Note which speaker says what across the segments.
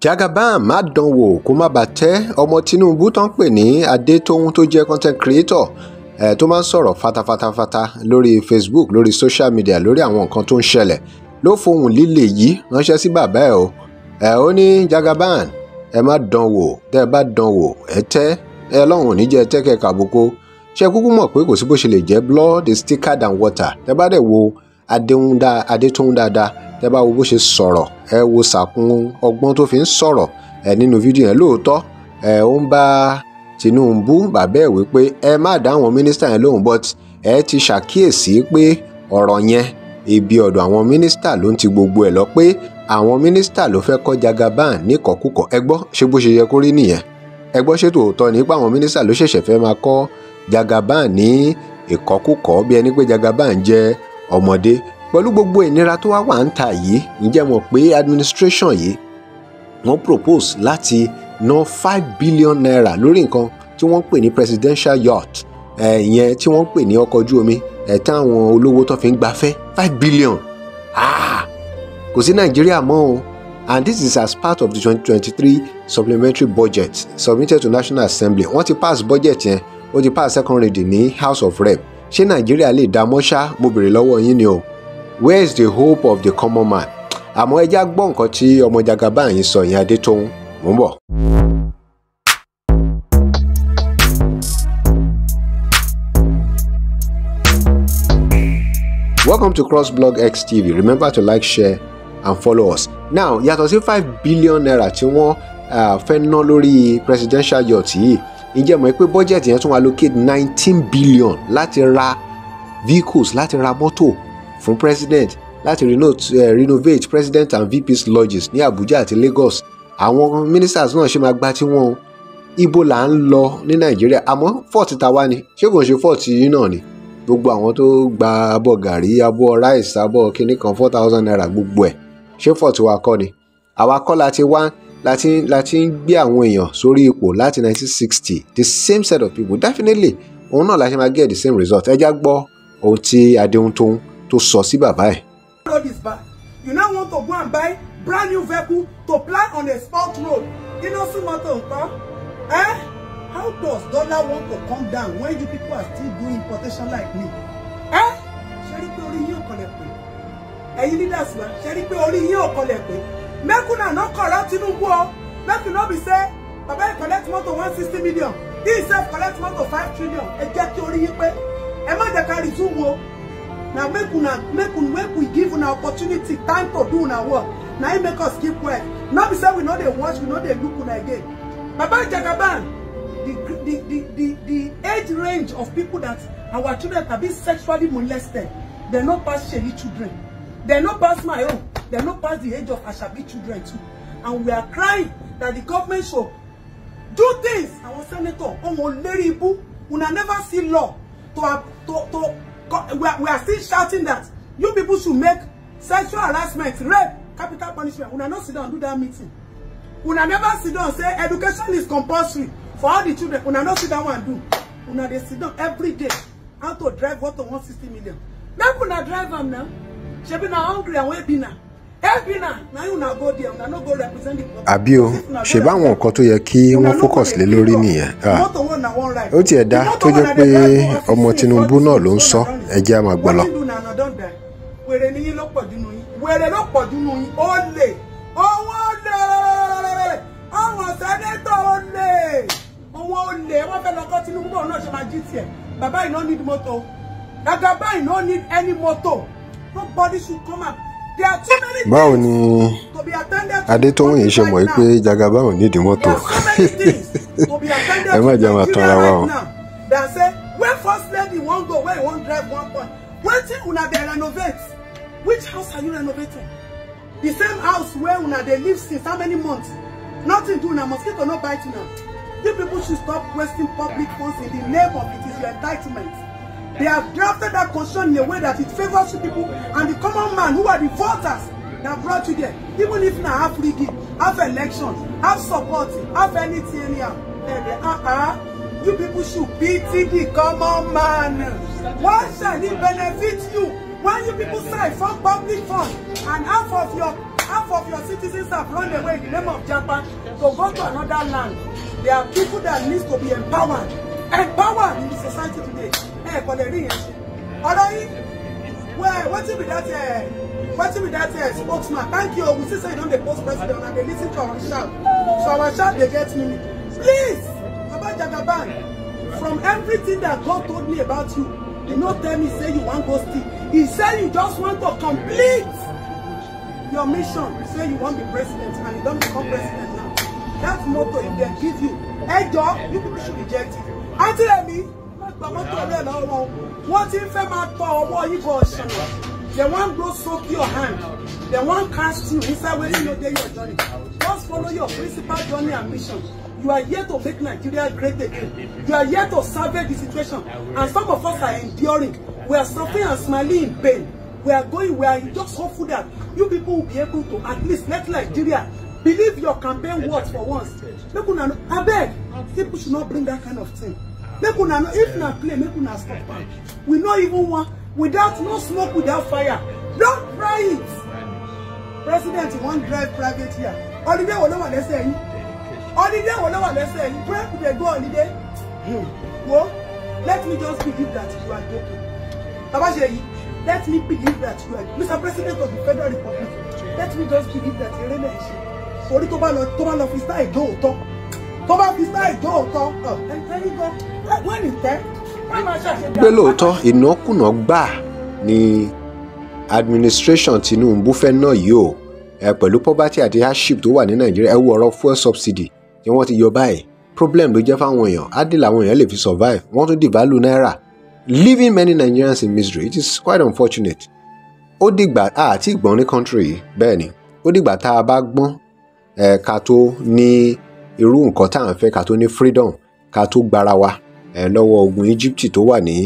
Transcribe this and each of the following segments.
Speaker 1: Jagaban má dánwò kó má bàa tẹ́ ọmọ Tinubu tán pè ní Adétóhun tó jẹ́ content creator ẹ̀ tó máa ń sọ̀rọ̀ fatafatafata lórí Facebook lórí social media lórí àwọn nǹkan tó ń ṣẹlẹ̀ ló fohùn líle yìí ránṣẹ́ sí bàbá ẹ̀ o ẹ̀ ó ní Jagaban ẹ má dánwò tẹ́ ẹ bá dánwò ẹ tẹ́ ẹ lọ́hùn níjẹ́ tẹ́kẹ̀ kàbókó ṣe kúkú mọ̀ pé kò sí bó ṣe lè jẹ́ blood is than water tẹ́ bá dẹ̀ wo adétúnwú dáadáa tẹ́ bá wo bó ṣe sọ̀rọ̀ ẹ wo sàkún ọgbọ́n tó fi ń sọ̀rọ̀ ẹ nínú fídíò yẹn lóòótọ́ ẹ ó ń bá Tinubu bàbá ẹ wípé ẹ má dá àwọn mínísítà yẹn lóhùn but ẹ ti ṣàkíyèsí pé ọ̀rọ̀ yẹn ibi ọ̀dọ̀ àwọn mínísítà ló ń ti gbogbo ẹ̀ lọ pé àwọn mínísítà ló fẹ́ kọ́ jagaban níkọ̀kúkọ̀ ẹ gbọ́ ṣé bó ṣe yẹ kó rí nìyẹn ẹ gbọ́ ṣé tòótọ́ ni pé àwọn mínísítà ló ṣẹ̀ṣẹ̀ fẹ́ máa kọ́ jagaban ní ìkọ̀kúkọ̀ bí ẹni pé jagaban jẹ́ ọmọdé pẹ̀lú gbogbo ìnira tó wá wà ń ta yìí ǹjẹ́ mọ̀ pé administration yìí wọ́n propose láti ná five billion naira lórí nǹkan tí wọ́n ń pè ní presidential yacht ìyẹn tí wọ́n ń pè ní ọkọ̀ ojú omi táwọn olówó tó fi ń gbafẹ́ five billion ah kò sí nàìjíríà mọ́ o and this is as part of the 2023 supplementary budget submitted to national assembly wọ́n ti pass budget yẹn ó ti pass second reading ní house of rep ṣé nàìjíríà lè dá mọ́ṣá mo béèrè lọ́wọ́ yín ni o where is the hope of the common man àmọ́ ẹ já gbọ́ nǹkan tí ọmọ jagaba yìí sọ ìyẹn adétóhùn mò ń bọ̀. Welcome to crossblog X TV remember to like share and follow us now yàtọ̀ sí five billion naira tí wọ́n uh, fẹ́ ná lórí presidential yacht yìí ǹjẹ́ mọ̀ pé budget yẹn tún allocate nineteen billion láti ra vehicles láti ra mọ́tò fún president láti eh, renovate president and vps lodges ní Abuja àti Lagos àwọn ministers náà ṣe máa gba tiwọn o ibo là ń lọ ní Nàìjíríà àmọ́ fọ́ọ̀tì tàwa ni ṣé kò ń ṣe fọ́ọ̀tì yìí náà ni gbogbo àwọn tó gba abọ́ gàrí abọ́ ráìsì abọ́ kínní kan four thousand naira gbogbo ẹ̀ ṣé fọ́ọ̀tì wa kọ́ ni àwa kọ́ la ti wá láti láti ń gbé àwọn èèyàn sórí ipò láti 1960 the same set of people definitely òun náà la ṣe get the same result ẹ já gbọ́ ohun tí Adéhuntóun tó sọ sí bàbá ẹ̀.
Speaker 2: you now want to go and buy brand new vehicle to ply on a spot road innocent motor nkan eh how does dollar want to come down when you people are still doing importation like me eh ṣe rí pé orí yín ò kọlẹ̀ pé ẹ̀yin leaders wa ṣe rí pé orí yín ò kọlẹ̀ pé make una no corrupt Tinubu o make you no be say baba e collect motor one sixty million he sef collect motor five trillion ẹ jẹ́ kí orí yín pé ẹ má jẹ́ ká resume o na make una make una make we give una opportunity time to do una work na im make us keep quiet no be say we no dey watch we no dey look una again baba jagaban the the the the the age range of people that our children have been sexually molested dem no pass sheyi children dem no pass my own They're not past the age of Ashabi children too. And we are crying that the government should do things. Our senator, Omoleribu, una never see law. To, to, to, we, are, we are still shouting that you people should make sexual harassment, rape, capital punishment. Una not sit down and do that meeting. Una never sit down and say education is compulsory for all the children. Una not sit down and do. We they sit down every day. How to drive what to 160 million. Make we drive them now. She be now hungry and we be now
Speaker 1: àbí o ṣe báwọn nǹkan tó yẹ kí wọ́n focus lé lórí nìyẹn ó tiẹ̀ dá tó jẹ́ pé ọmọ Tinubu náà ló ń sọ ẹ jẹ́ á máa
Speaker 2: ni yín ló pọ̀ jù nù yín wèrè ló pọ̀ jù nù yín ó lè owó lè àwọn sẹ́nẹ́tọ̀ ó lè owó lè wọ́n fẹ́ lọ́kọ́ Tinubu bọ̀ náà ṣe máa jí yìí no need moto. dàgbà báyìí no need any mọ́tò nobody should come and báwo
Speaker 1: ni adétọ́wọ̀n yìí ṣe mọ̀ pé jagaba ò nídìí mọ́tò ẹ má jẹ́ máa tanra wa o.
Speaker 2: where first lady wan go where you wan drive one point wetin una dey renovate which house are you renovating the same house where una dey live since how many months nothing do una mosquito no bite una you people should stop wasting public funds in the name of it is your entitlement They have drafted that constitution in a way that it favors people and the common man who are the voters that brought you there. Even if now have rigging, have elections, have support, have anything anyhow. Uh-uh. You people should pity the common man. Why shall he benefit you when you people say from public funds and half of your half of your citizens have run away in the name of Japan to go to another land? There are people that need to be empowered. Empowered in the society today ẹ̀ kọ́ lè rí yẹn ṣe ọ̀rọ̀ yìí well wetin be that uh, eh, wetin be that uh, spokesman thank you we see say you don dey post president and dey lis ten to our shout so our shout dey get me. please baba jagaban from everything that God told me about you he no tell me say you wan go steal he say you just want to complete your mission say you wan be president and you don become president now that motto if dem give you ẹjọ you people should reject it aunty remi gba mọ́tò ọ̀rẹ́ lọ́wọ́ wọn wọ́n ti ń fẹ́ máa tọ ọwọ́ yìí bọ̀ ṣẹlẹ̀ they wan blow soak your hand they wan cast you inside wetin no dey your journey just follow your principal journey and mission you are here to make Nigeria great again. You are here to salvage the situation. And some of us are enduring. We are suffering and smiling in pain. We are going, we are just hopeful that you people will be able to at least let Nigeria believe your campaign words for once. People, I beg, people should not bring that kind of thing make una no if na play make una stop am we no even want without no smoke without fire don try it president you wan drive private here holiday wo ló wà lẹ́sẹ̀ yín holiday wo ló wà lẹ́sẹ̀ yín pray we dey go holiday hmm. wo let me just believe that you are joking baba ṣe yìí let me believe that you are mr president of the federal republic let me just believe that eré náà ṣe orí tó bá lọ tó bá lọ fi style dóòótọ́ tó bá fi sáà ìjọ òótọ́ wọ́n ní tẹ́ pé lóòótọ́
Speaker 1: ìnákùná gbà ni administration Tinubu fẹ́ náà yìí o ẹ pẹ̀lú poverty àti hardship tó wà ní Nàìjíríà ẹ wo ọ̀rọ̀ fuel subsidy tí wọ́n ti yọ báyìí problem ló jẹ́ fáwọn èèyàn adìl àwọn èèyàn lè fi survive wọ́n tún devalue náírà leaving many Nigerians in misery it is quite unfortunate ó dìgbà àti ìgbọ́n ní country yìí bẹ́ẹ̀ ni ó dìgbà tá a bá gbọ́n ẹ̀ka tó ní irú nǹkan tá à ń fẹ́ ká tó ní freedom ká tó gbára wa lọ́wọ́ ogun Egypt tó wà ní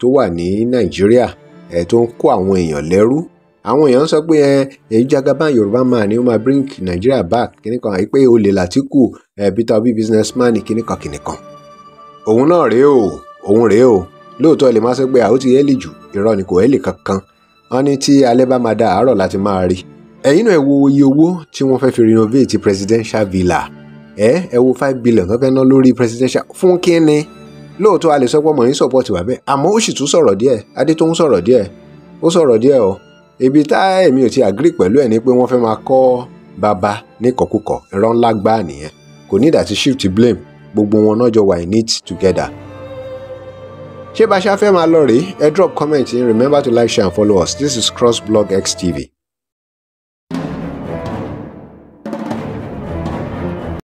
Speaker 1: tó wà ní Nàìjíríà tó ń kó àwọn èèyàn lẹ́rú àwọn èèyàn sọ pé èyí jagaban Yorùbá man ni ó máa bring Nigeria back kìnìkan àyè pé olè Làtíkù Peter Obi businessman kìnìkan kìnìkan òun náà rèé o òun rèé o lóòótọ́ lè má sọ pé àwọn ti hẹ́lì jù irọ́ ni kò hẹ́lì kankan wọ́n ní tí alẹ́ bá máa da àárọ̀ láti máa rí ẹ̀yin náà ẹ wo iye owó tí wọ́n fẹ́ fi renovate presidential villa ẹ ẹ wo five billion tó fẹ́ ná lórí presidential fún kínní lóòótọ́ a lè sọ pé ọmọ yìí support wà bẹ́ẹ̀ àmọ́ ó sì tún sọ̀rọ̀ díẹ̀ adé tó ń sọ̀rọ̀ díẹ̀ ó sọ̀rọ̀ díẹ̀ o ibi tá èmi ò ti agree pẹ̀lú ẹ̀ ni pé wọ́n fẹ́ máa kọ́ bàbá níkọ̀kúkọ̀ ẹ̀rọ ńlá gbá nìyẹn kò ní ìdàtí shift blame gbogbo wọn náà jọ wà in it together. ṣé bá a ṣá fẹ́ máa lọ rèé ẹ drop comment in remember to like share and follow us this is crossblogX XTV.